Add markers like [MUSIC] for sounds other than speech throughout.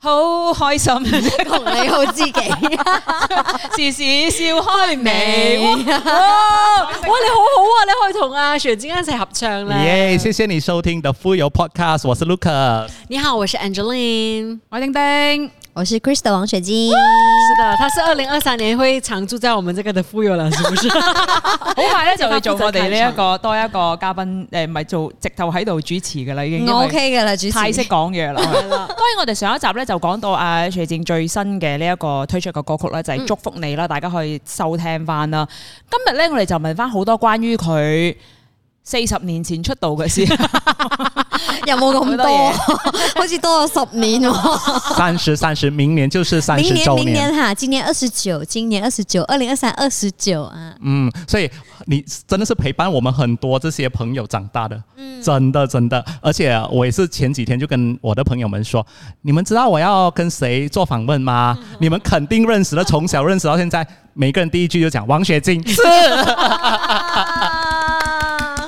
好開心同你好知己，時時笑開眉。 [LAUGHS] 哇， [LAUGHS] 哇，你好好啊，你可以同阿雪晶一齊合唱啦。耶！謝謝你收聽 The Fuyoh Podcast，我是 Lucas。你好，我是 Angeline，我係丁丁。叮叮我是 Crystal 王雪晶，是的，他是二零二三年會長駐在我們這個的富有了，是不是？好快咧就會做我哋呢一個，多一個嘉賓誒，唔係、 [LAUGHS] 呃、做直頭喺度主持噶啦，已經太了 OK 噶啦，主持太識講嘢啦。當然，我哋上一集咧就講到阿、啊、徐靜最新嘅呢一個推出個歌曲咧，就係、是、祝福你啦，嗯、大家可以收聽翻啦。今日咧，我哋就問翻好多關於佢四十年前出道嘅事。 [LAUGHS] 有冇咁多？好似多咗十年哦。三十三十，明年就是三十周年。明年，明年哈，今年二十九，今年二十九，二零二三二十九啊。嗯，所以你真的是陪伴我們很多這些朋友長大的，嗯，真的真的。而且我也是前幾天就跟我的朋友們說，你們知道我要跟誰做訪問嗎？你們肯定認識了，從小認識到現在，每個人第一句就講王雪晶是。 [LAUGHS]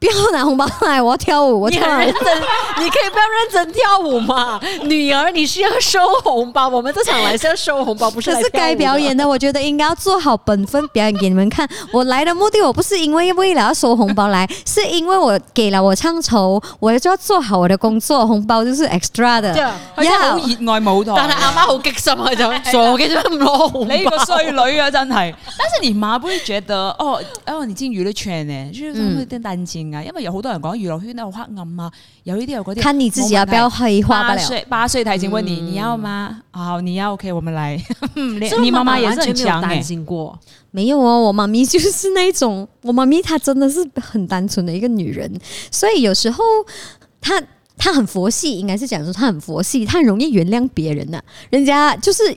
不要拿紅包來，我要跳舞。我跳舞你認真， [LAUGHS] 你可以不要認真跳舞嘛？女兒，你需要收紅包？我們都想來，是要收紅包，不是來。可是該表演的，我覺得應該要做好本分表演給你們看。 [LAUGHS] 我來的目的，我不是因為為了要收紅包來， [LAUGHS] 是因為我給了我唱酬，我就要做好我的工作。紅包就是 extra 的。對好熱愛舞蹈。但係阿媽好激心啊，就傻嘅做乜唔攞紅包？你個衰女啊，真係。但是你媽不會覺得哦哦，你進娛樂圈呢，就有點擔心。嗯因為有好多人講娛樂圈都好黑暗啊，有呢啲有嗰啲。看你自己要不要黑化？他八歲八歲提前問你、嗯、你要嗎？好，你要？OK，我們嚟。 [LAUGHS] 嗯、你媽媽、欸、完全沒有擔心過，沒有哦。我媽咪就是那一種，我媽咪她真的是很單純的一個女人，所以有時候她她很佛系，應該是講說她很佛系，她很容易原諒別人啦、啊。人家就是。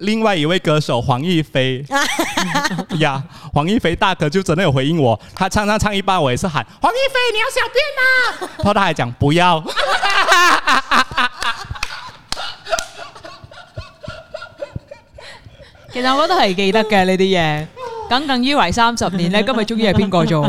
另外一位歌手黃義菲，呀、 [LAUGHS] yeah，黃義菲大哥就真的有回應我，他唱唱唱一半，我也是喊黃義菲，你要小便嗎？他他還講不要。 [LAUGHS] 其實我都係記得嘅呢啲嘢，耿耿於懷三十年咧，今日終於係邊個做？ [LAUGHS]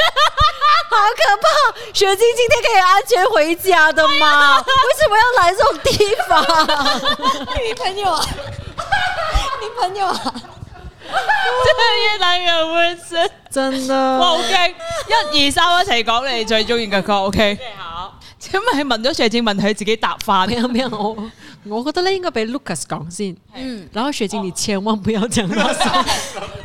[LAUGHS] 好可怕！雪晶今天可以安全回家的嗎？哎、呀為什麼要來這種地方？女 [LAUGHS] 朋友啊，女 [LAUGHS] 朋友啊，真個越南人不是真的。Wow, OK，一二三，一齊講你最中意嘅歌。OK，好。請問是問咗雪晶，問佢自己答話咩咩？我 [LAUGHS] 我覺得咧應該俾 Lucas 講先。的嗯，然後雪晶、哦、你千萬不要講那首。 [LAUGHS]